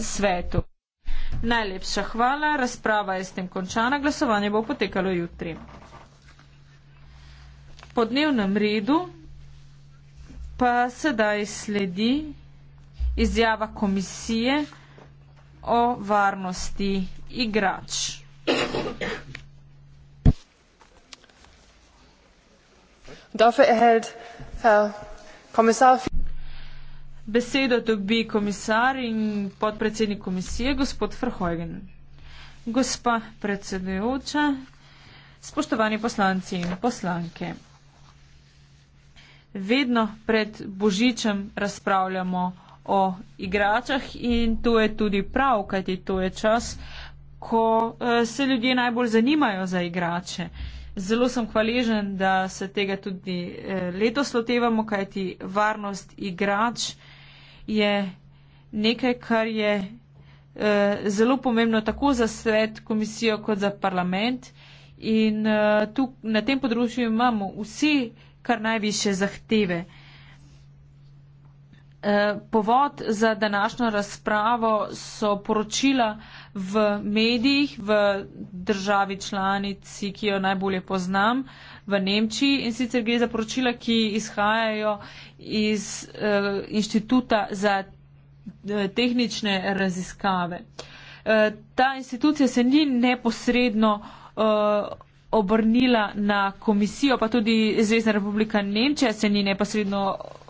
svetu. Najlepša hvala, razprava je s tem končana, glasovanje bo potekalo jutri. Po dnevnem redu pa sedaj sledi izjava komisije o varnosti igrač. Dafür erhält Herr Kommissar. Besedo dobi komisar in podpredsednik komisije, gospod Frhojgen. Gospa predsedujoča, spoštovani poslanci in poslanke. Vedno pred Božičem razpravljamo o igračah in to je tudi prav, kajti to je čas, ko eh, se ljudje najbolj zanimajo za igrače. Zelo sem hvaležen, da se tega tudi eh, letos lotevamo, kajti varnost igrač je nekaj, kar je eh, zelo pomembno tako za svet, komisijo, kot za parlament. In eh, tu na tem področju imamo vsi kar najviše zahteve. Eh, Eh, povod za današnjo razpravo so poročila v medijih v državi članici, ki jo najbolje poznam, v Nemčiji. In sicer gre za poročila, ki izhajajo iz uh, inštituta za eh, tehnične raziskave. Uh, ta institucija se ni neposredno uh, obrnila na komisijo, pa tudi Zvezdna republika Nemčija se ni neposredno.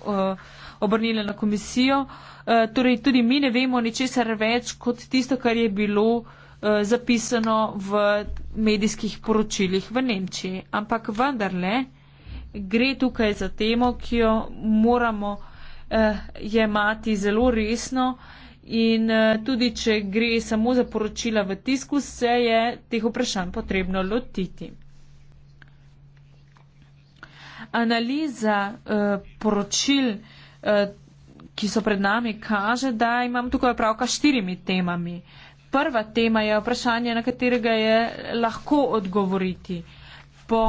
Uh, obrnile na komisijo. Eh, torej, tudi mi ne vemo ničesar več kot tisto, kar je bilo eh, zapisano v medijskih poročilih v Nemčiji. Ampak vendarle gre tukaj za temo, ki jo moramo eh, jemati zelo resno. In tudi, če gre samo za poročila v tisku, se je teh vprašanj potrebno lotiti. Analiza eh, poročil eh, ki so pred nami, kaže, da imam tukaj opravka štirimi temami. Prva tema je vprašanje, na katerega je lahko odgovoriti. Po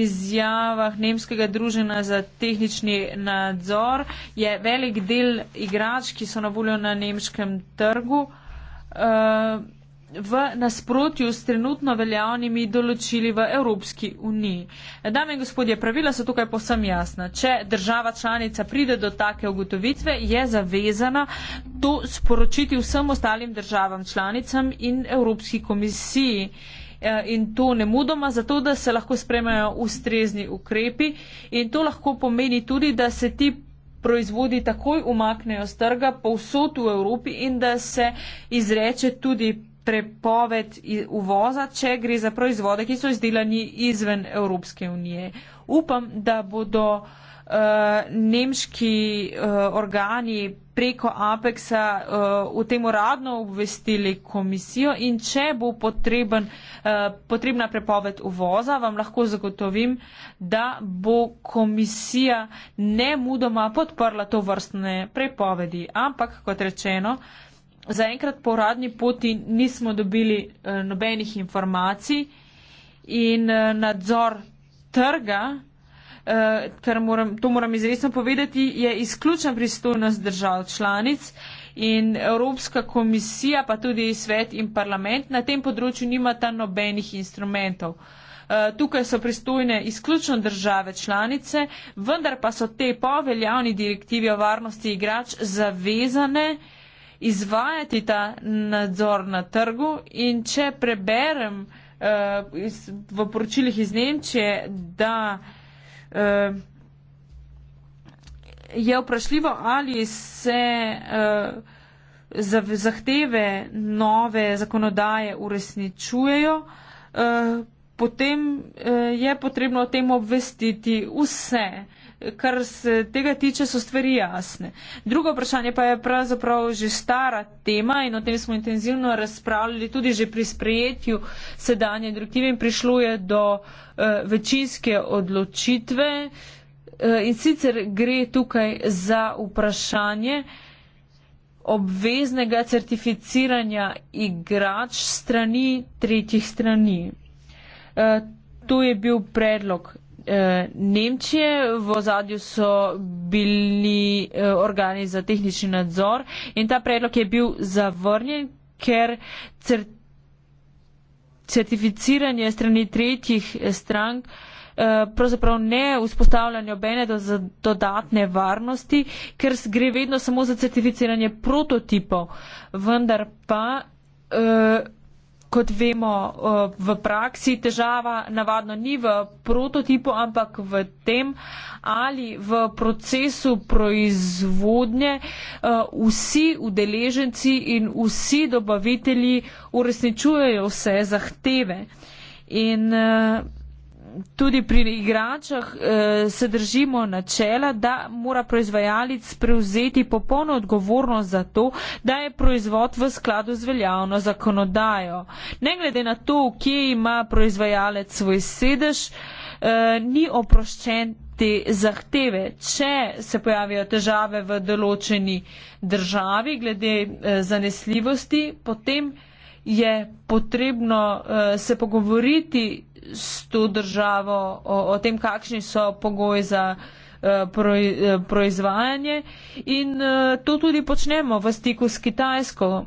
izjavah Nemskega druženja za tehnični nadzor je velik del igrač, ki so na voljo na nemškem trgu, eh, v nasprotju s trenutno veljavnimi določili v Evropski uniji. Dame in gospodje, pravila so tukaj posem jasna. Če država članica pride do take ugotovitve, je zavezana to sporočiti vsem ostalim državam članicam in Evropski komisiji. E, in to ne mudoma, zato da se lahko spremajo ustrezni ukrepi. In to lahko pomeni tudi, da se ti proizvodi takoj umaknejo z trga povsod v Evropi in da se izreče tudi prepoved uvoza, če gre za proizvode, ki so izdelani izven Evropske unije. Upam, da bodo uh, nemški uh, organi preko APEX-a uh, v tem uradno obvestili komisijo in če bo potreben, uh, potrebna prepoved uvoza, vam lahko zagotovim, da bo komisija ne mudoma podprla to vrstne prepovedi. Ampak, kot rečeno, uh, zaenkrat po uradni poti nismo dobili uh, nobenih informacij in uh, nadzor trga, uh, eh, kar moram, to moram izresno povedati, je izključna pristojnost držav članic in Evropska komisija, pa tudi svet in parlament na tem področju nimata nobenih instrumentov. Tukaj so pristojne izključno države članice, vendar pa so te po veljavni direktivi o varnosti igrač zavezane uh, izvajati ta nadzor na trgu. In če preberem uh, iz, v poročilih iz Nemčije, da uh, je vprašljivo, ali se uh, eh, za, zahteve nove zakonodaje uresničujejo, uh, potem uh, je potrebno o tem obvestiti vse. Uh, kar se tega tiče, so stvari jasne. Drugo vprašanje pa je pravzaprav že stara tema in o tem smo intenzivno razpravljali tudi že pri sprejetju sedanje direktive in prišlo je do uh, večinske odločitve uh, in sicer gre tukaj za vprašanje obveznega certificiranja igrač strani tretjih strani. Uh, to je bil predlog Eh, Nemčije. V ozadju so bili eh, organi za tehnični nadzor in ta predlog je bil zavrnjen, ker certificiranje strani tretjih eh, strank pravzaprav ne vzpostavljanje obene do, za dodatne varnosti, ker gre vedno samo za certificiranje prototipov, vendar pa uh, kot vemo, eh, v praksi težava navadno ni v prototipu, ampak v tem ali v procesu proizvodnje eh, vsi udeleženci in vsi dobavitelji uresničujejo vse zahteve. In eh, tudi pri igračah eh, se držimo načela, da mora proizvajalec prevzeti popolno odgovornost za to, da je proizvod v skladu z veljavno zakonodajo. Ne glede na to, kje ima proizvajalec svoj sedež, eh, ni oproščen te zahteve. Če se pojavijo težave v določeni državi glede eh, zanesljivosti, potem je potrebno eh, se pogovoriti s to državo, o, o tem, kakšni so pogoji za eh, eh, proizvajanje in eh, to tudi počnemo v stiku s Kitajsko.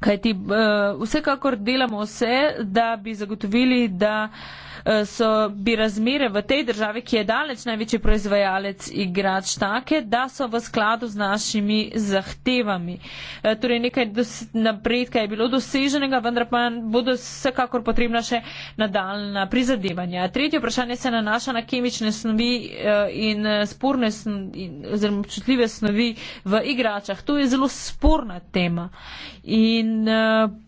Kajti vsekakor delamo vse, da bi zagotovili, da Eh, so bi razmere v tej državi, ki je daleč največji proizvajalec igrač, take, da so v skladu z našimi zahtevami. Eh, torej nekaj napredka je bilo doseženega, vendar pa bodo vsekakor potrebna še nadaljna prizadevanja. Tretje vprašanje se nanaša na kemične snovi eh, in sporne oziroma občutljive snovi v igračah. To je zelo sporna tema. In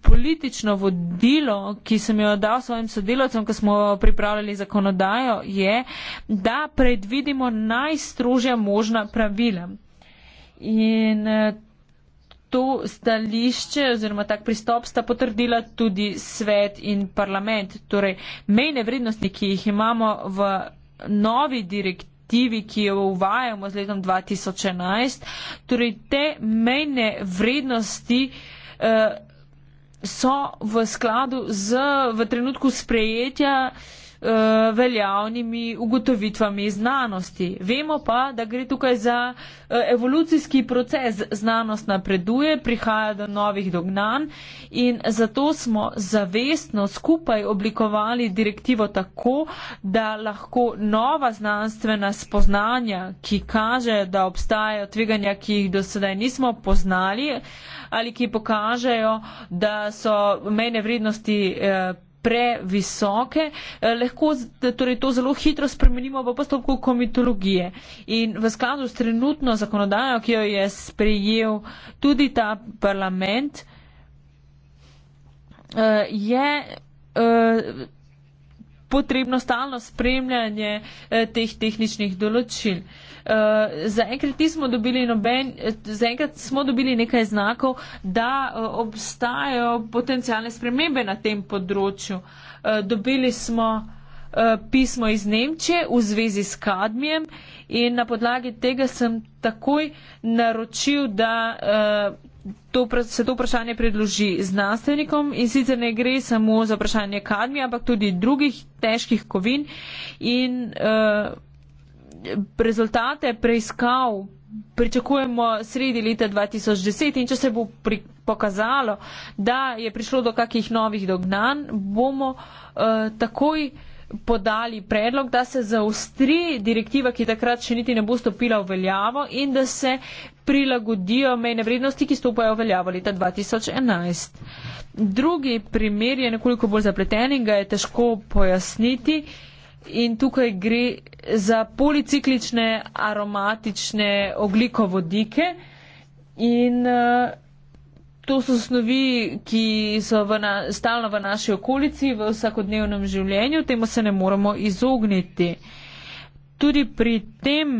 politično vodilo, ki sem jo dal svojim sodelovcem, ko smo pripravljali zakonodajo, je, da predvidimo najstrožja možna pravila. In eh, to stališče oziroma tak pristop sta potrdila tudi svet in parlament. Torej, mejne vrednosti, ki jih imamo v novi direktivi, ki jo uvajamo z letom 2011, torej te mejne vrednosti eh, so v skladu z v trenutku sprejetja Eh, veljavnimi ugotovitvami znanosti. Vemo pa, da gre tukaj za eh, evolucijski proces. Znanost napreduje, prihaja do novih dognanj in zato smo zavestno skupaj oblikovali direktivo tako, da lahko nova znanstvena spoznanja, ki kaže, da obstajajo tveganja, ki jih do sedaj nismo poznali ali ki pokažejo, da so mejne vrednosti eh, previsoke, eh, lahko torej, to zelo hitro spremenimo v postopku komitologije. In v skladu s trenutno zakonodajo, ki jo je sprejel tudi ta parlament, eh, je. Eh, potrebno stalno spremljanje eh, teh tehničnih določil. Eh, zaenkrat nismo dobili noben, eh, zaenkrat smo dobili nekaj znakov, da obstajajo potencijalne spremembe na tem področju. Dobili smo pismo iz Nemčije v zvezi s kadmijem in na podlagi tega sem takoj naročil, da to, se to vprašanje predloži znanstvenikom in sicer ne gre samo za vprašanje kadmi, ampak tudi drugih težkih kovin in uh, rezultate preiskav pričakujemo sredi leta 2010 in če se bo pri, pokazalo, da je prišlo do kakih novih dognanj, bomo uh, takoj podali predlog, da se zaustri direktiva, ki takrat še niti ne bo stopila v veljavo in da se prilagodijo mejne vrednosti, ki stopajo v veljavo leta 2011. Drugi primer je nekoliko bolj zapleten in ga je težko pojasniti. In tukaj gre za policiklične aromatične oglikovodike. In, uh, To so snovi, ki so v na, stalno v naši okolici, v vsakodnevnem življenju, temu se ne moremo izogniti. Tudi pri tem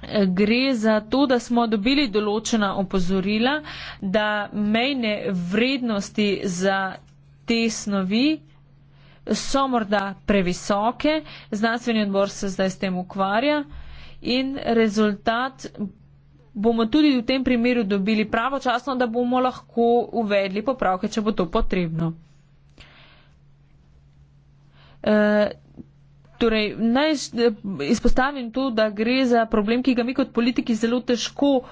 eh, gre za to, da smo dobili določena opozorila, da mejne vrednosti za te snovi so morda previsoke. Znanstveni odbor se zdaj s tem ukvarja in rezultat bomo tudi v tem primeru dobili pravočasno, da bomo lahko uvedli popravke, če bo to potrebno. E, torej, naj e, izpostavim to, da gre za problem, ki ga mi kot politiki zelo težko e,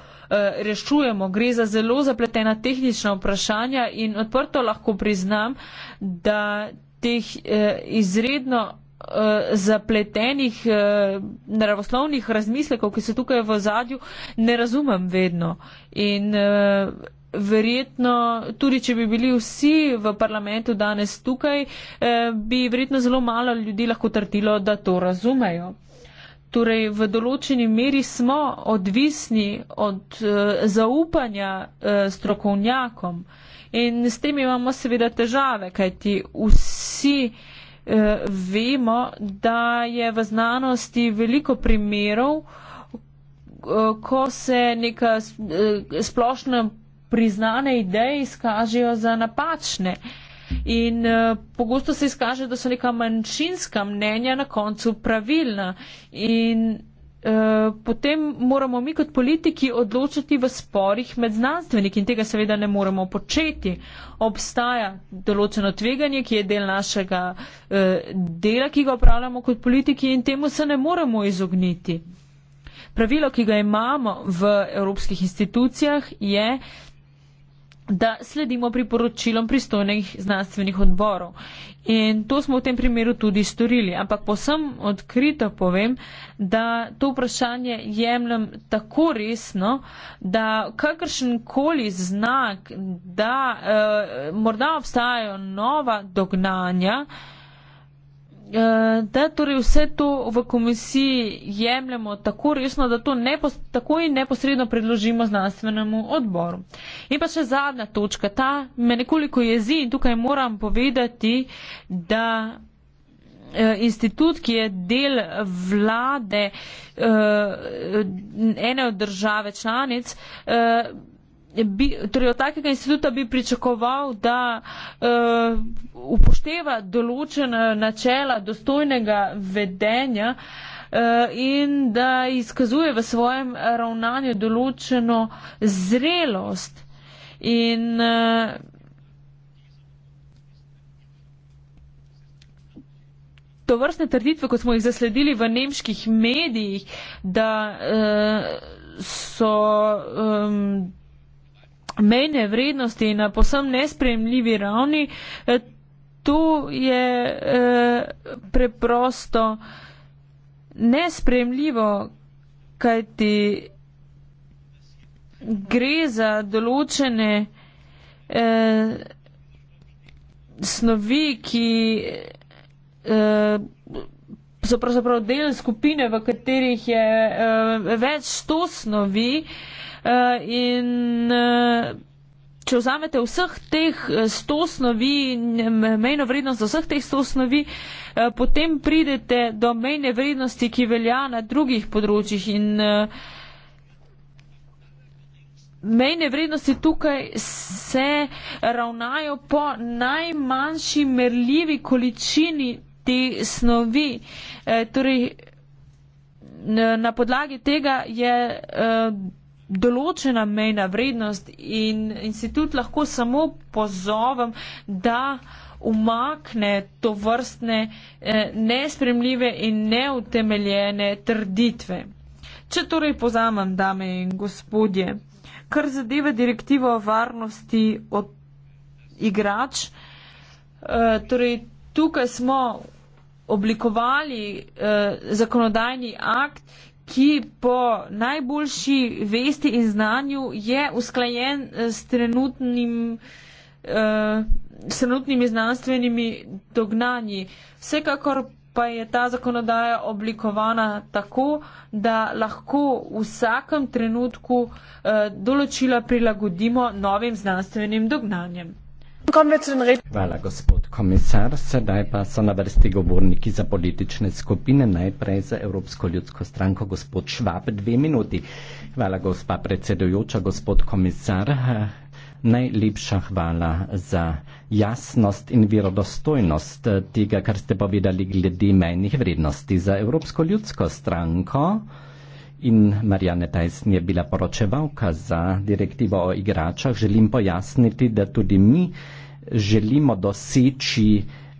rešujemo. Gre za zelo zapletena tehnična vprašanja in odprto lahko priznam, da teh e, izredno uh, zapletenih uh, naravoslovnih razmislekov, ki so tukaj v zadju, ne razumem vedno. In uh, verjetno, tudi če bi bili vsi v parlamentu danes tukaj, uh, bi verjetno zelo malo ljudi lahko trdilo, da to razumejo. Torej, v določeni meri smo odvisni od uh, zaupanja uh, strokovnjakom in s tem imamo seveda težave, kajti vsi uh, Eh, vemo, da je v znanosti veliko primerov, eh, ko se neka eh, splošna priznane ideje izkažejo za napačne. In pogosto se izkaže, da so neka manjšinska mnenja na koncu pravilna. In Eh, potem moramo mi kot politiki odločiti v sporih med znanstveniki in tega seveda ne moremo početi. Obstaja določeno tveganje, ki je del našega eh, dela, ki ga upravljamo kot politiki in temu se ne moremo izogniti. Pravilo, ki ga imamo v evropskih institucijah, je, da sledimo priporočilom pristojnih znanstvenih odborov. In to smo v tem primeru tudi storili. Ampak posem odkrito povem, da to vprašanje jemljem tako resno, da kakršen koli znak, da eh, morda obstajajo nova dognanja, eh, Eh, da torej vse to v komisiji jemljemo tako resno, da to nepos, tako in neposredno predložimo znanstvenemu odboru. In pa še zadnja točka, ta me nekoliko jezi in tukaj moram povedati, da eh, institut, ki je del vlade eh, ene od države članic, bi, torej od takega instituta bi pričakoval, da uh, upošteva določena načela dostojnega vedenja eh, in da izkazuje v svojem ravnanju določeno zrelost. In eh, to vrstne trditve, kot smo jih zasledili v nemških medijih, da so ehm, mejne vrednosti na posem nespremljivi ravni, eh, to je eh, preprosto nespremljivo, kajti gre za določene eh, snovi, ki so pravzaprav del skupine, v katerih je več sto snovi, Eh, in eh, če vzamete vseh teh 100 eh, snovi, mejno vrednost vseh teh 100 snovi, potem pridete do mejne vrednosti, ki velja na drugih področjih. In mejne vrednosti tukaj se ravnajo po najmanjši merljivi količini te snovi. Torej, na podlagi tega je določena mejna vrednost in institut lahko samo pozovem, da umakne to vrstne eh, nespremljive in neutemeljene trditve. Če torej pozamem, dame in gospodje, kar zadeva direktivo o varnosti od igrač, eh, torej tukaj smo oblikovali eh, zakonodajni akt, ki po najboljši vesti in znanju je usklajen eh, s trenutnim, uh, s trenutnimi znanstvenimi dognanji. Vsekakor pa je ta zakonodaja oblikovana tako, da lahko v vsakem trenutku uh, določila prilagodimo novim znanstvenim dognanjem. Kommen wir zu den Reden. Hvala, gospod komisar. Sedaj pa so na vrsti govorniki za politične skupine, najprej za Evropsko ljudsko stranko, gospod Švab, dve minuti. Hvala, gospa predsedujoča, gospod komisar. Najlepša hvala za jasnost in verodostojnost tega, kar ste povedali glede mejnih vrednosti za Evropsko ljudsko stranko. In Marianne Tyson je bila poročevalka za direktivo o igračah. Želim pojasniti, da tudi mi želimo doseči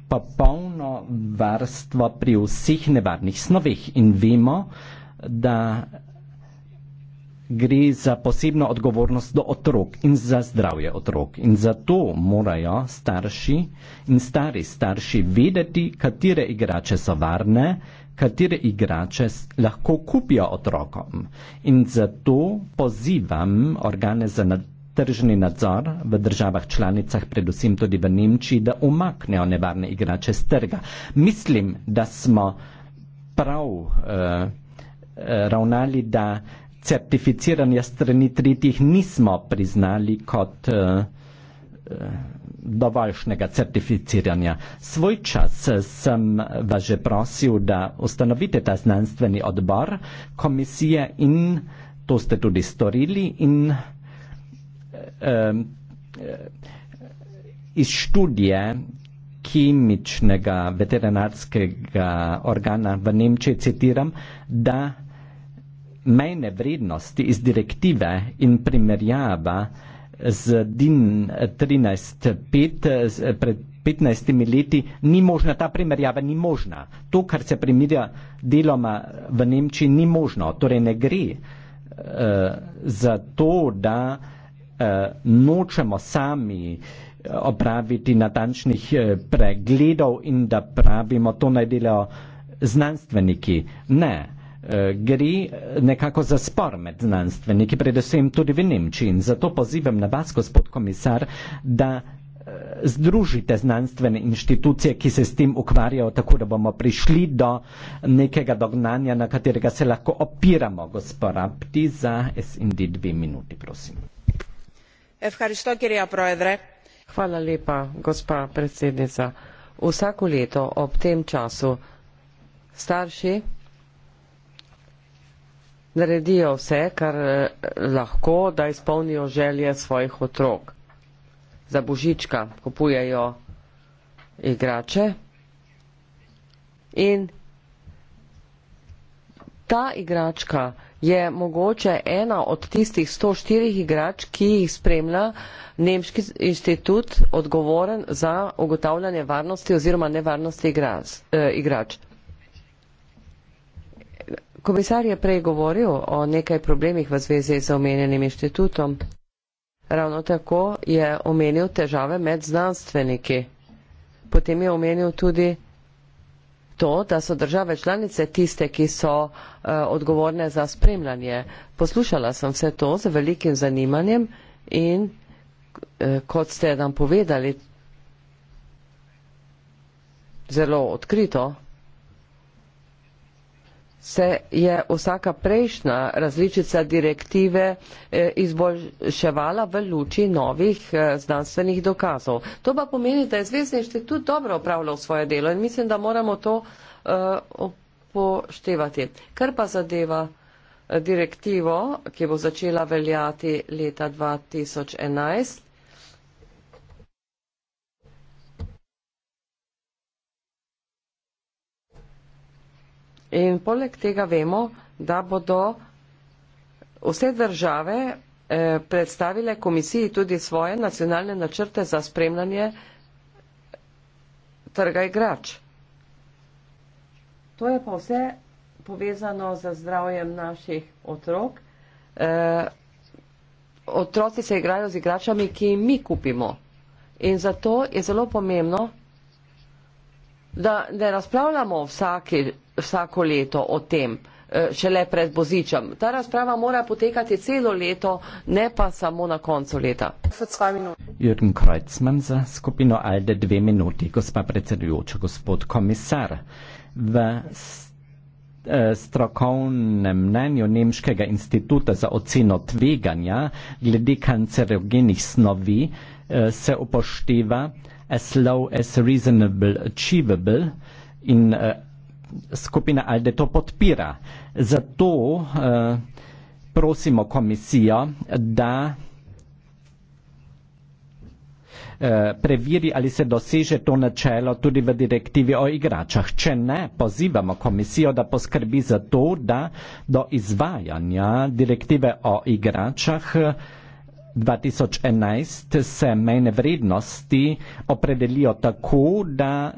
popolno varstvo pri vseh nevarnih snovih in vemo, da gre za posebno odgovornost do otrok in za zdravje otrok. In zato morajo starši in stari starši vedeti, katere igrače so varne, katere igrače lahko kupijo otrokom. In zato pozivam organe za nadzor. Tržni nadzor v državah članicah, predvsem tudi v Nemčiji, da umaknejo nevarne igrače z trga. Mislim, da smo prav eh, eh ravnali, da certificiranja strani tretjih nismo priznali kot. Eh, eh, dovoljšnega certificiranja. Svoj čas sem vas že prosil, da ustanovite ta znanstveni odbor komisije in to ste tudi storili in eh, iz študije kemičnega veterinarskega organa v Nemčiji citiram, da mejne vrednosti iz direktive in primerjava eh, z DIN 13.5 pred 15 leti, ni možna, ta primerjava ni možna. To, kar se primerja deloma v Nemčiji, ni možno. Torej ne gre uh, za to, da uh, nočemo sami eh, opraviti natančnih pregledov in da pravimo, to naj delajo znanstveniki. Ne gre nekako za spor med znanstveniki, predvsem tudi v Nemčiji. In zato pozivam na vas, gospod komisar, da eh, združite znanstvene inštitucije, ki se s tem ukvarjajo, tako da bomo prišli do nekega dognanja, na katerega se lahko opiramo. Gospod Rapti za SND dve minuti, prosim. Hvala lepa, gospa predsednica. Vsako leto ob tem času starši naredijo vse, kar eh, lahko, da izpolnijo želje svojih otrok. Za božička kupujejo igrače in ta igračka je mogoče ena od tistih 104 igrač, ki jih spremlja Nemški inštitut odgovoren za ugotavljanje varnosti oziroma nevarnosti eh, igrač. Komisar je prej govoril o nekaj problemih v zvezi z omenjenim inštitutom. Ravno tako je omenil težave med znanstveniki. Potem je omenil tudi to, da so države članice tiste, ki so uh, odgovorne za spremljanje. Poslušala sem vse to z velikim zanimanjem in uh, kot ste nam povedali, zelo odkrito, se je vsaka prejšnja različica direktive eh, izboljševala v luči novih eh, znanstvenih dokazov. To pa pomeni, da je Zvezdni inštitut dobro upravljal svoje delo in mislim, da moramo to eh, upoštevati. Kar pa zadeva direktivo, ki bo začela veljati leta 2011, In poleg tega vemo, da bodo vse države eh, predstavile komisiji tudi svoje nacionalne načrte za spremljanje trga igrač. To je pa vse povezano z zdravjem naših otrok. E, otroci se igrajo z igračami, ki jim mi kupimo. In zato je zelo pomembno, da ne razpravljamo vsake, vsako leto o tem, e, šele pred Božičem. Ta razprava mora potekati celo leto, ne pa samo na koncu leta. Jürgen Kreuzmann za skupino Alde dve minuti, gospa predsedujoča, gospod komisar. V e, strokovnem mnenju Nemškega instituta za oceno tveganja glede kancerogenih snovi e, se upošteva, as low as reasonable achievable in uh, skupina Alde to podpira. Zato uh, prosimo komisijo, da uh, preveri, ali se doseže to načelo tudi v direktivi o igračah. Če ne, pozivamo komisijo, da poskrbi za to, da do izvajanja direktive o igračah vsega, 2011 se mejne vrednosti opredelijo tako, da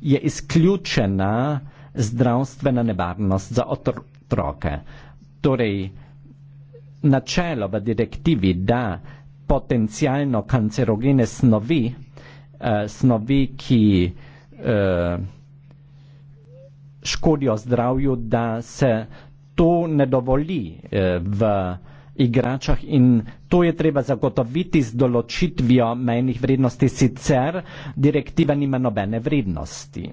je izključena zdravstvena nevarnost za otroke. Torej, načelo v direktivi, da potencijalno kancerogene snovi, eh, snovi, ki eh, škodijo zdravju, da se to ne dovoli eh, v igračah in to je treba zagotoviti z določitvijo mejnih vrednosti, sicer direktiva nima nobene vrednosti.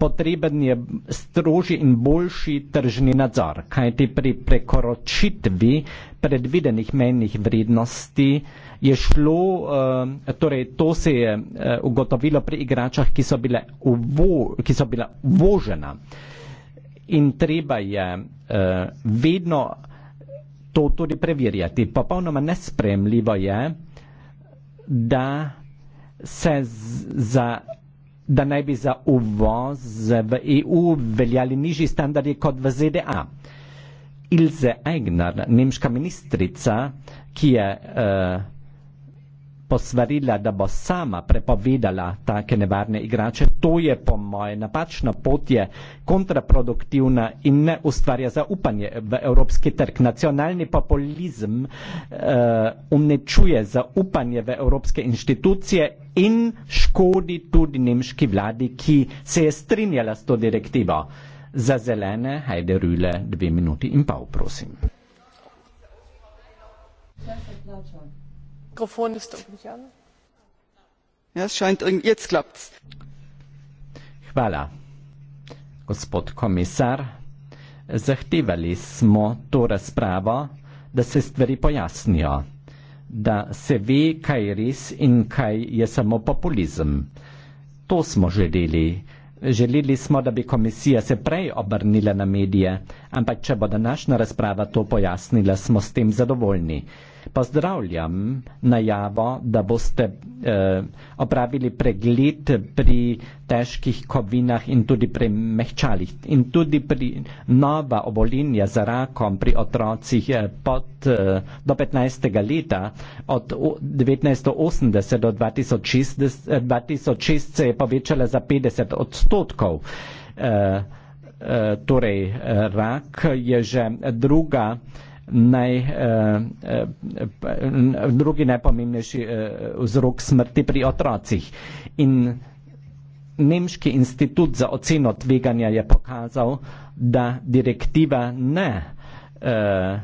Potreben je strožji in boljši tržni nadzor, kajti pri prekoročitvi predvidenih mejnih vrednosti je šlo, eh, torej to se je eh, ugotovilo pri igračah, ki so, bile uvo, ki so bila uvožena. In treba je eh, vedno to tudi preverjati. Popolnoma nespremljivo je, da se za da naj bi za uvoz v EU veljali nižji standardi kot v ZDA. Ilze Eigner, nemška ministrica, ki je uh, posvarila, da bo sama prepovedala take nevarne igrače, to je po moje napačna pot, je kontraproduktivna in ne ustvarja zaupanje v evropski trg. Nacionalni populizm uh, eh, unečuje zaupanje v evropske inštitucije in škodi tudi nemški vladi, ki se je strinjala s to direktivo. Za zelene, hajde rule, dve minuti in pol, prosim. Čas je plačal. Mikrofon ist doch nicht an. Ja, es scheint irgendwie, jetzt klappt's. Hvala, gospod komisar. Zahtevali smo to razpravo, da se stvari pojasnijo, da se ve, kaj je res in kaj je samo populizem. To smo želeli. Želeli smo, da bi komisija se prej obrnila na medije, ampak če bo današnja razprava to pojasnila, smo s tem zadovoljni. Pozdravljam najavo, da boste eh, opravili pregled pri težkih kovinah in tudi pri mehčalih. In tudi pri nova obolinja za rakom pri otrocih eh, pod, eh, do 15. leta, od 1980 do 2006, 2006 eh, se je povečala za 50 odstotkov. Torej, rak je že druga. Naj, eh, drugi najpomembnejši eh, vzrok smrti pri otrocih. In nemški institut za oceno tveganja je pokazal, da direktiva ne eh,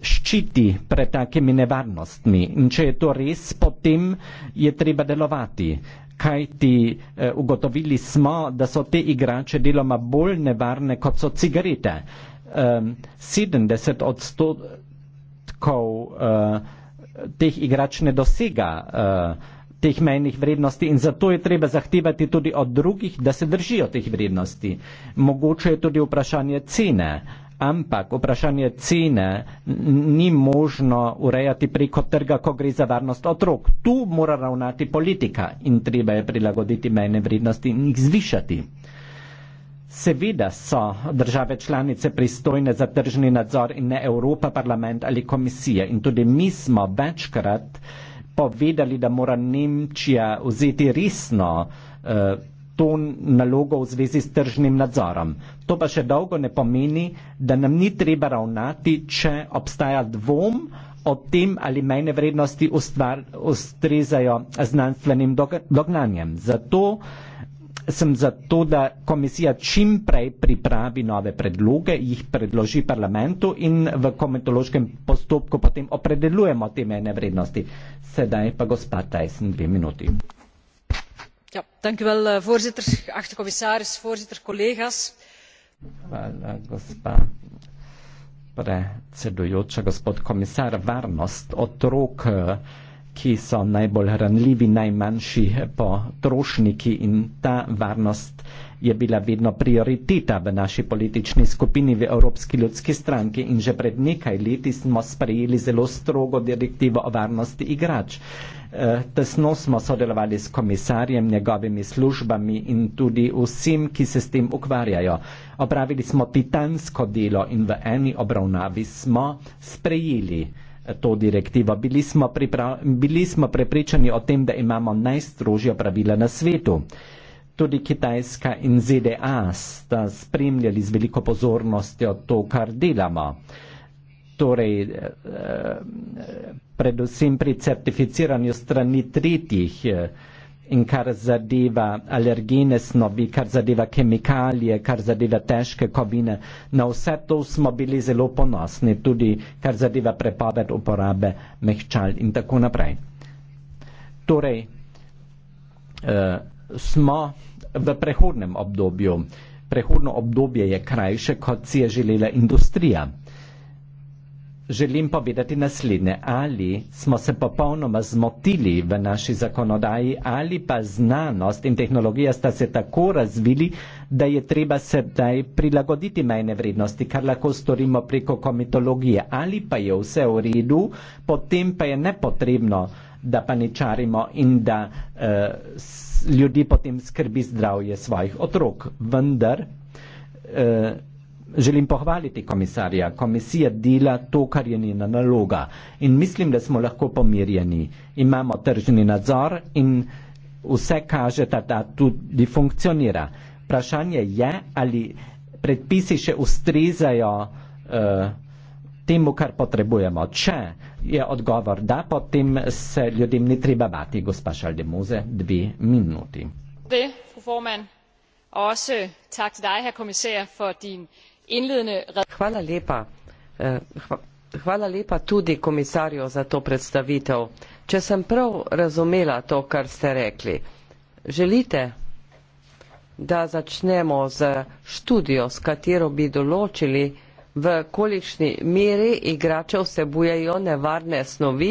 ščiti pred takimi nevarnostmi. In če je to res, potem je treba delovati. Kaj ti eh, ugotovili smo, da so te igrače deloma bolj nevarne, kot so cigarete. Eh, 70 odstotkov eh, teh igrač ne dosega. Eh, teh mejnih vrednosti in zato je treba zahtevati tudi od drugih, da se držijo teh vrednosti. Mogoče je tudi vprašanje cene, ampak vprašanje cene ni možno urejati preko trga, ko gre za varnost otrok. Tu mora ravnati politika in treba je prilagoditi mejne vrednosti in jih zvišati. Seveda so države članice pristojne za tržni nadzor in ne Evropa, parlament ali komisija. In tudi mi smo večkrat uh, povedali, da mora Nemčija vzeti resno eh, to nalogo v zvezi s tržnim nadzorom. To pa še dolgo ne pomeni, da nam ni treba ravnati, če obstaja dvom o tem, ali mejne vrednosti ustvar, ustrezajo znanstvenim dognanjem. Zato sem za to, da komisija čim prej pripravi nove predloge, jih predloži parlamentu in v komentološkem postopku potem opredeljujemo te mejne vrednosti. Sedaj pa gospa Tyson dve minuti. Ja, dank u wel, eh, voorzitter. Geachte commissaris, voorzitter, collega's. Hvala, gospa predsedujoča, gospod komisar. Varnost otrok uh, ki so najbolj ranljivi, najmanjši potrošniki in ta varnost je bila vedno prioriteta v naši politični skupini v Evropski ljudski stranki in že pred nekaj leti smo sprejeli zelo strogo direktivo o varnosti igrač. E, tesno smo sodelovali s komisarjem, njegovimi službami in tudi vsem, ki se s tem ukvarjajo. Opravili smo titansko delo in v eni obravnavi smo sprejeli to direktivo. Bili smo, bili smo prepričani o tem, da imamo najstrožja pravila na svetu. Tudi Kitajska in ZDA sta spremljali z veliko pozornostjo to, kar delamo. Torej, eh, eh, predvsem pri certificiranju strani tretjih eh, in kar zadeva alergijne snovi, kar zadeva kemikalije, kar zadeva težke kovine. Na vse to smo bili zelo ponosni, tudi kar zadeva prepoved uporabe mehčal in tako naprej. Torej, eh, smo v prehodnem obdobju. Prehodno obdobje je krajše, kot si je želela industrija. Želim povedati naslednje. Ali smo se popolnoma zmotili v naši zakonodaji, ali pa znanost in tehnologija sta se tako razvili, da je treba sedaj prilagoditi majne vrednosti, kar lahko storimo preko komitologije. Ali pa je vse v redu, potem pa je nepotrebno, da paničarimo in da eh, ljudi potem skrbi zdravje svojih otrok. Vendar. Eh, Želim pohvaliti komisarja. Komisija dela to, kar je njena naloga in mislim, da smo lahko pomirjeni. Imamo tržni nadzor in vse kaže, da ta tudi funkcionira. Vprašanje je, ali predpisi še ustrezajo uh, temu, kar potrebujemo. Če je odgovor da, potem se ljudem ni treba bati, gospa Šaldemuze, dve minuti. De, Også tak til dig, her kommissær, for din Hvala lepa. Eh, hvala lepa tudi komisarju za to predstavitev. Če sem prav razumela to, kar ste rekli, želite, da začnemo z študijo, s katero bi določili, v kolikšni meri igrače vsebujejo nevarne snovi.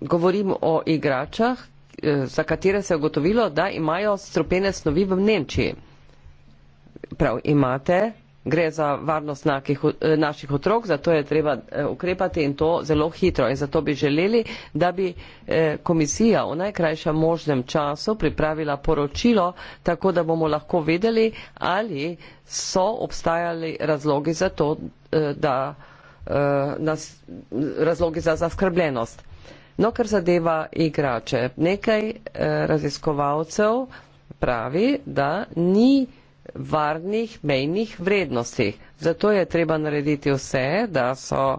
Govorim o igračah, eh, za katere se je ugotovilo, da imajo strupene snovi v Nemčiji prav imate, gre za varnost nakih, eh, naših otrok, zato je treba eh, ukrepati in to zelo hitro. In zato bi želeli, da bi eh, komisija v najkrajšem možnem času pripravila poročilo, tako da bomo lahko vedeli, ali so obstajali razlogi za to, da nas razlogi za zaskrbljenost. No, kar zadeva igrače. Nekaj eh, raziskovalcev pravi, da ni varnih mejnih vrednostih. Zato je treba narediti vse, da so uh,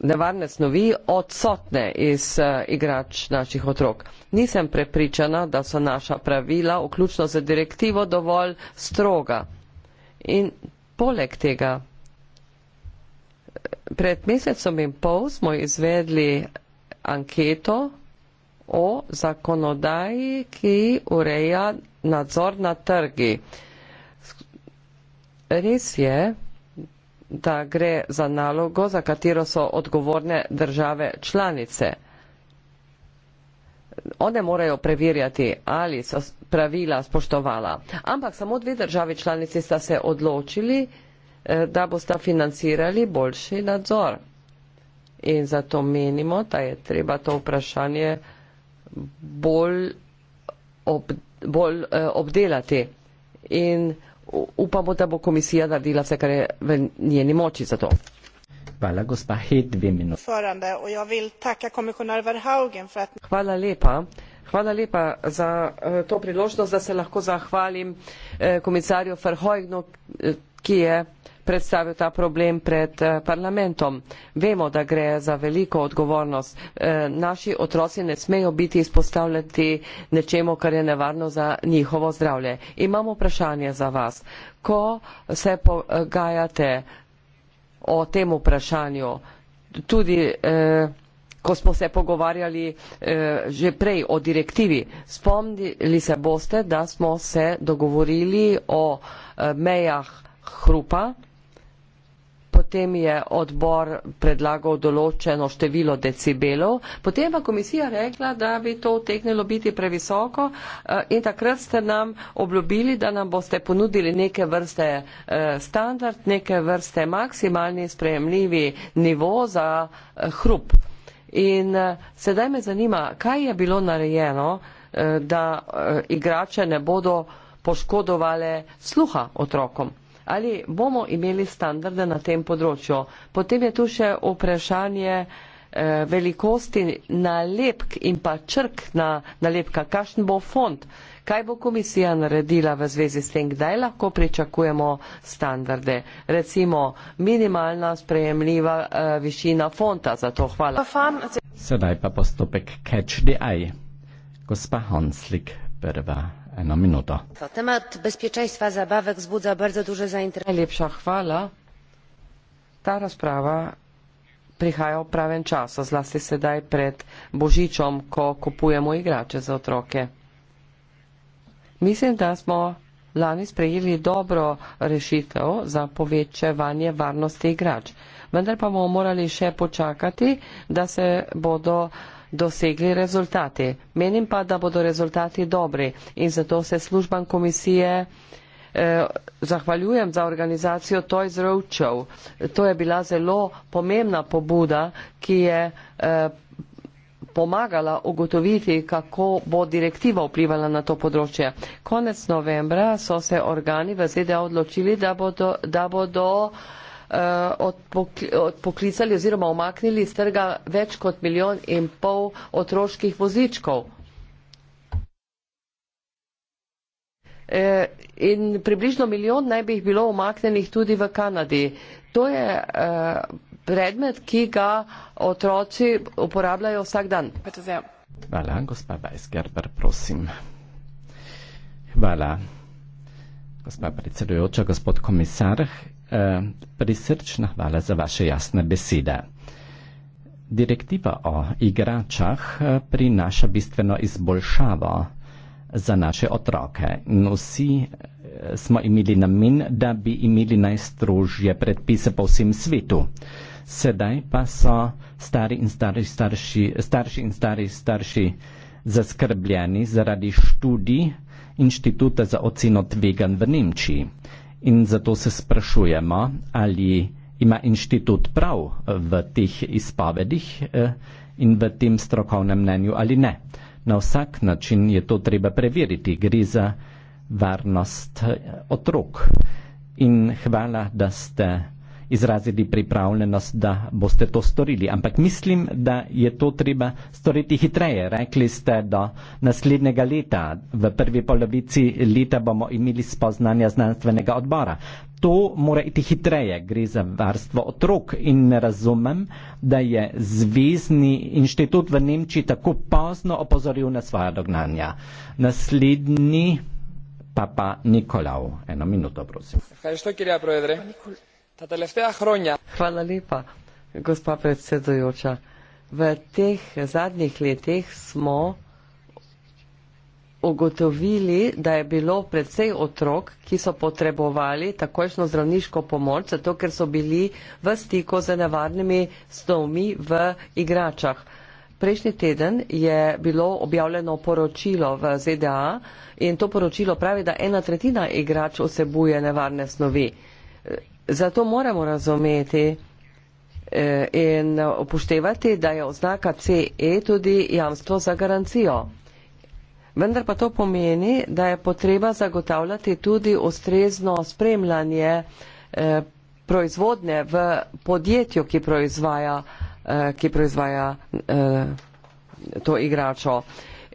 nevarne snovi odsotne iz uh, igrač naših otrok. Nisem prepričana, da so naša pravila, vključno z direktivo, dovolj stroga. In poleg tega, eh, pred mesecom in pol smo izvedli anketo o zakonodaji, ki ureja nadzor na trgi. Res je, da gre za nalogo, za katero so odgovorne države članice. One morajo preverjati, ali so pravila spoštovala. Ampak samo dve državi članici sta se odločili, eh, da boste financirali boljši nadzor. In zato menimo, da je treba to vprašanje bolj, ob, bolj eh, obdelati. In upamo, da bo komisija naredila vse, kar je v njeni moči za to. Hvala, gospa Hedvin. Hvala lepa. Hvala lepa za eh, to priložnost, da se lahko zahvalim eh, komisarju Ferhojnu, eh, ki je predstavil ta problem pred eh, parlamentom. Vemo, da gre za veliko odgovornost. Eh, naši otroci ne smejo biti izpostavljeni nečemu, kar je nevarno za njihovo zdravje. Imamo vprašanje za vas. Ko se pogajate o tem vprašanju, tudi eh, ko smo se pogovarjali eh, že prej o direktivi. Spomnili se boste, da smo se dogovorili o eh, mejah hrupa, potem je odbor predlagal določeno število decibelov, potem pa komisija rekla, da bi to utegnilo biti previsoko eh, in takrat ste nam obljubili, da nam boste ponudili neke vrste eh, standard, neke vrste maksimalni sprejemljivi nivo za eh, hrup. In sedaj me zanima, kaj je bilo narejeno, da igrače ne bodo poškodovale sluha otrokom ali bomo imeli standarde na tem področju. Potem je tu še vprašanje eh, velikosti nalepk in pa črk na nalepka, kakšen bo fond, kaj bo komisija naredila v zvezi s tem, kdaj lahko pričakujemo standarde. Recimo minimalna sprejemljiva eh, višina fonta za to. Hvala. Sedaj pa postopek catch the eye. Gospa Honslik, prva. Temat bezpieczeństwa zabawek wzbudza bardzo duże zainteresowanie. Najlepsza chwala. Ta rozprawa przychaja w prawym czasie, zlasty sedaj przed Bożyczą, ko kupujemy igracze za otroke. Myślę, że smo lani sprejeli dobro rešitev za povečevanje varnosti igrač. Vendar pa bomo morali še počakati, da se bodo dosegli rezultati. Menim pa, da bodo rezultati dobri in zato se službam komisije eh, zahvaljujem za organizacijo Toys Roadshow. To je bila zelo pomembna pobuda, ki je eh, pomagala ugotoviti, kako bo direktiva vplivala na to področje. Konec novembra so se organi v ZDA odločili, da bodo, da bodo Eh, odpoklicali oziroma omaknili iz trga več kot milijon in pol otroških vozičkov. Eh, in približno milijon naj bi jih bilo omaknenih tudi v Kanadi. To je eh, predmet, ki ga otroci uporabljajo vsak dan. Hvala, gospa Weisgerber, prosim. Hvala, gospa predsedujoča, gospod komisar. Eh, prisrčna hvala za vaše jasne besede. Direktiva o igračah eh, prinaša bistveno izboljšavo za naše otroke. Vsi eh, smo imeli namen, da bi imeli najstrožje predpise po vsem svetu. Sedaj pa so stari in stari starši, starši in stari starši zaskrbljeni zaradi študij inštituta za oceno tvegan v Nemčiji. In zato se sprašujemo, ali ima inštitut prav eh, v teh izpovedih eh, in v tem strokovnem mnenju ali ne. Na vsak način je to treba preveriti. Gre za varnost eh, otrok. In hvala, da ste izrazili pripravljenost, da boste to storili. Ampak mislim, da je to treba storiti hitreje. Rekli ste do naslednjega leta. V prvi polovici leta bomo imeli spoznanja znanstvenega odbora. To mora iti hitreje. Gre za varstvo otrok in ne razumem, da je Zvezni inštitut v Nemčiji tako pozno opozoril na svoja dognanja. Naslednji. Papa Nikolau, eno minuto, prosim. Kaj je to, kjer je, predre? Nikolau. Ta telefeja hronja. Hvala lepa, gospa predsedujoča. V teh zadnjih letih smo ugotovili, da je bilo predvsej otrok, ki so potrebovali takojšno zdravniško pomoč, zato ker so bili v stiku z nevarnimi snovmi v igračah. Prejšnji teden je bilo objavljeno poročilo v ZDA in to poročilo pravi, da ena tretjina igrač vsebuje nevarne snovi. Zato moramo razumeti eh, in upoštevati, da je oznaka CE tudi jamstvo za garancijo. Vendar pa to pomeni, da je potreba zagotavljati tudi ustrezno spremljanje eh, proizvodne v podjetju, ki proizvaja, eh, ki proizvaja to igračo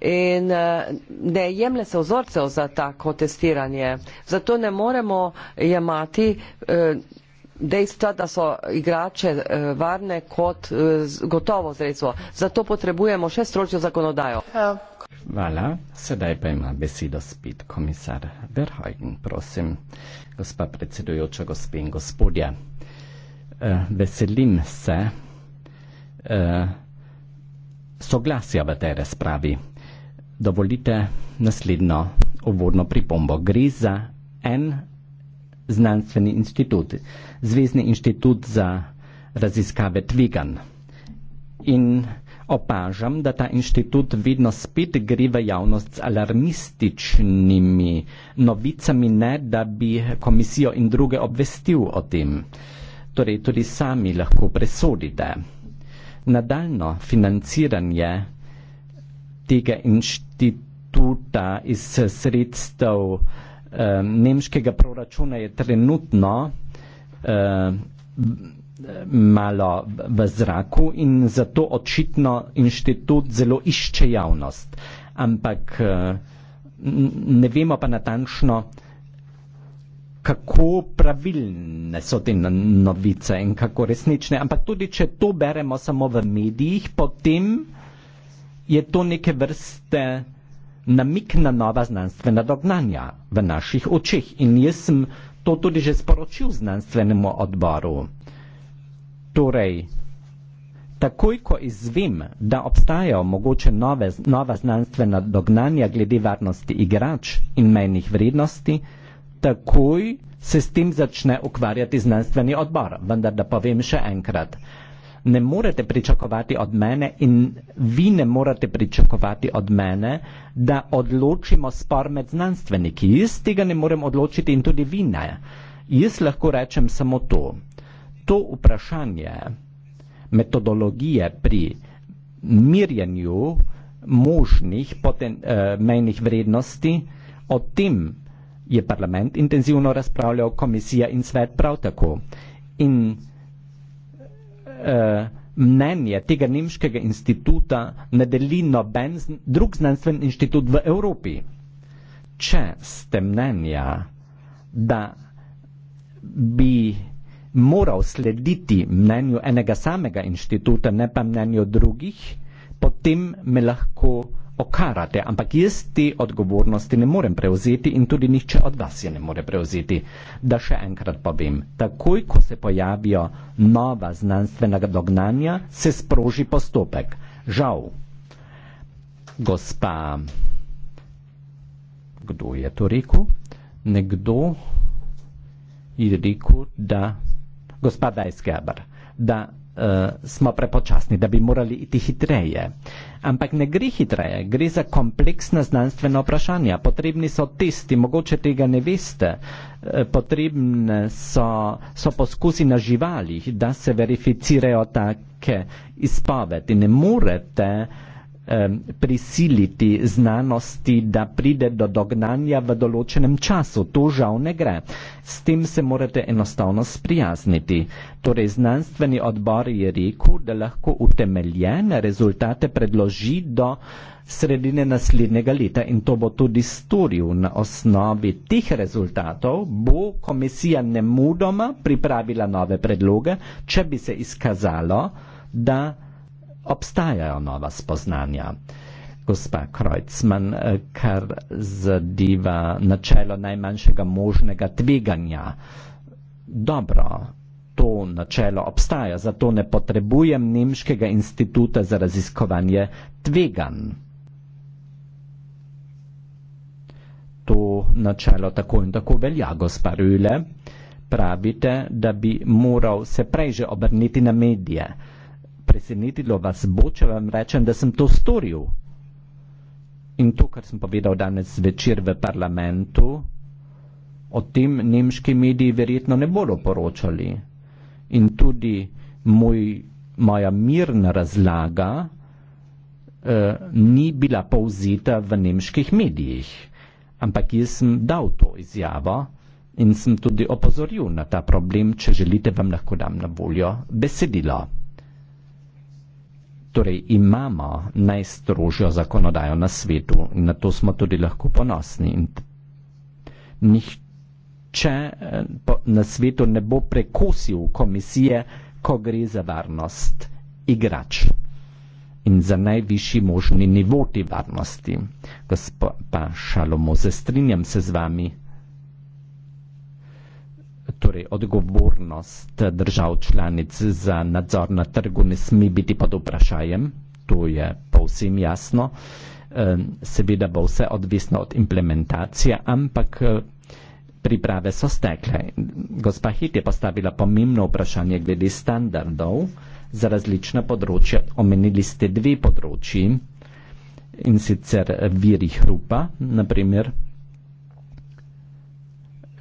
in eh, ne jemlje se ozorcev za tako testiranje. Zato ne moremo jemati eh, dejstva, da so igrače eh, varne kot gotovo sredstvo. Zato potrebujemo še stročjo zakonodajo. Hvala. Sedaj pa ima besedo spet komisar Verhojn, prosim, gospa predsedujoča, gospe in gospodje. Veselim se soglasja v tej razpravi dovolite naslednjo uvodno pripombo. Gre za en znanstveni inštitut, Zvezdni inštitut za raziskave tvegan. In opažam, da ta inštitut vedno spet gre v javnost z alarmističnimi novicami, ne da bi komisijo in druge obvestil o tem. Torej tudi sami lahko presodite. Nadaljno financiranje tega inštituta inštituta iz sredstev eh, nemškega proračuna je trenutno eh, malo v zraku in zato očitno inštitut zelo išče javnost. Ampak eh, ne vemo pa natančno, kako pravilne so te no-, novice in kako resnične. Ampak tudi, če to beremo samo v medijih, potem je to neke vrste namik na nova znanstvena dognanja v naših očeh. In jaz sem to tudi že sporočil znanstvenemu odboru. Torej, takoj ko izvem, da obstajajo mogoče nove, nova znanstvena dognanja glede varnosti igrač in menjih vrednosti, takoj se s tem začne ukvarjati znanstveni odbor. Vendar da povem še enkrat ne morete pričakovati od mene in vi ne morete pričakovati od mene, da odločimo spor med znanstveniki. Jaz tega ne morem odločiti in tudi vi ne. Jaz lahko rečem samo to. To vprašanje metodologije pri mirjenju možnih poten, eh, mejnih vrednosti, o tem je parlament intenzivno razpravljal, komisija in svet prav tako. In Eh, mnenje tega nemškega instituta ne deli noben drug znanstven inštitut v Evropi. Če ste mnenja, da bi moral slediti mnenju enega samega inštituta, ne pa mnenju drugih, potem me lahko okarate, ampak jaz te odgovornosti ne morem prevzeti in tudi nihče od vas je ne more prevzeti. Da še enkrat povem, takoj ko se pojavijo nova znanstvenega dognanja, se sproži postopek. Žal, gospa, kdo je to rekel? Nekdo je rekel, da gospa Dajskeber, da uh, smo prepočasni, da bi morali iti hitreje. Uh, ampak ne gre hitreje, gre za kompleksna znanstvena vprašanja. Potrebni so testi, mogoče tega ne veste, eh, potrebni so, so poskusi na živalih, da se verificirajo take izpovedi. Ne morete uh, prisiliti znanosti, da pride do dognanja v določenem času. To žal ne gre. S tem se morate enostavno sprijazniti. Torej, znanstveni odbor je rekel, da lahko utemeljene rezultate predloži do sredine naslednjega leta in to bo tudi storil. Na osnovi teh rezultatov bo komisija nemudoma pripravila nove predloge, če bi se izkazalo, da obstajajo nova spoznanja. Gospa Kreutzmann, eh, kar zadeva načelo najmanjšega možnega tveganja. Dobro, to načelo obstaja, zato ne potrebujem Nemškega instituta za raziskovanje tveganj. To načelo tako in tako velja, gospa Rühle. Pravite, da bi moral se prej že obrniti na medije presenetilo vas bo, če vam rečem, da sem to storil. In to, kar sem povedal danes večer v parlamentu, o tem nemški mediji verjetno ne bodo poročali. In tudi moj, moja mirna razlaga eh, ni bila povzeta v nemških medijih. Ampak jaz sem dal to izjavo in sem tudi opozoril na ta problem, če želite, vam lahko dam na voljo besedilo torej imamo najstrožjo zakonodajo na svetu in na to smo tudi lahko ponosni. Nihče eh, na svetu ne bo prekosil komisije, ko gre za varnost igrač in za najvišji možni nivo te varnosti. Gospod pa Šalomo, zastrinjam se z vami torej odgovornost držav članic za nadzor na trgu ne sme biti pod vprašajem, to je povsem jasno. Seveda bo vse odvisno od implementacije, ampak eh, priprave so stekle. Gospa Hit je postavila pomembno vprašanje glede standardov za različna področja. Omenili ste dve področji in sicer viri hrupa, naprimer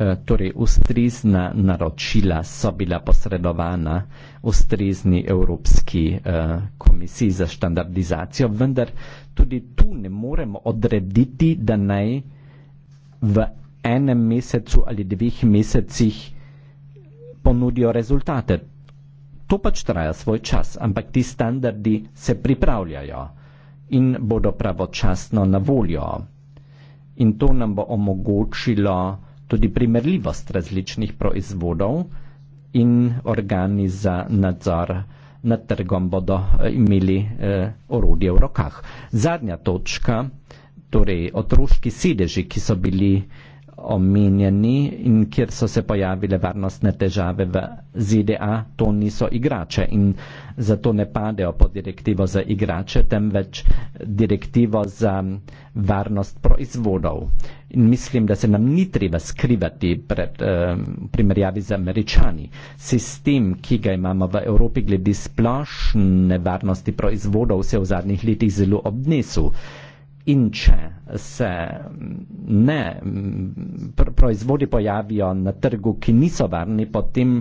Eh, torej ustrezna naročila so bila posredovana ustrezni Evropski eh, komisiji za štandardizacijo, vendar tudi tu ne moremo odrediti, da naj v enem mesecu ali dveh mesecih ponudijo rezultate. To pač traja svoj čas, ampak ti standardi se pripravljajo in bodo pravočasno na voljo. In to nam bo omogočilo, tudi primerljivost različnih proizvodov in organi za nadzor nad trgom bodo eh, imeli eh, orodje v rokah. Zadnja točka, torej otroški sedeži, ki so bili omenjeni in kjer so se pojavile varnostne težave v ZDA, to niso igrače in zato ne padejo pod direktivo za igrače, temveč direktivo za varnost proizvodov. In mislim, da se nam ni treba skrivati pred eh, primerjavi z američani. Sistem, ki ga imamo v Evropi glede splošne varnosti proizvodov, se je v zadnjih letih zelo obnesel in če se mm, ne mm, proizvodi pojavijo na trgu, ki niso varni, potem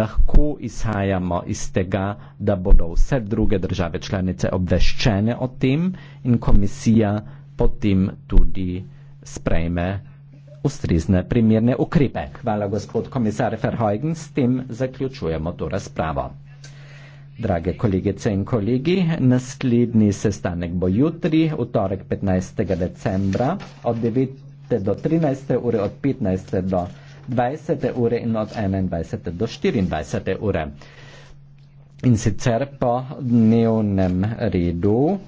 lahko izhajamo iz tega, da bodo vse druge države članice obveščene o tem in komisija potem tudi sprejme ustrezne primerne ukrepe. Hvala gospod komisar Ferhojgen, s tem zaključujemo to razpravo. Drage kolegice in kolegi, naslednji sestanek bo jutri, v torek 15. decembra od 9. do 13. ure, od 15. do 20. ure in od 21. do 24. ure. In sicer po dnevnem redu.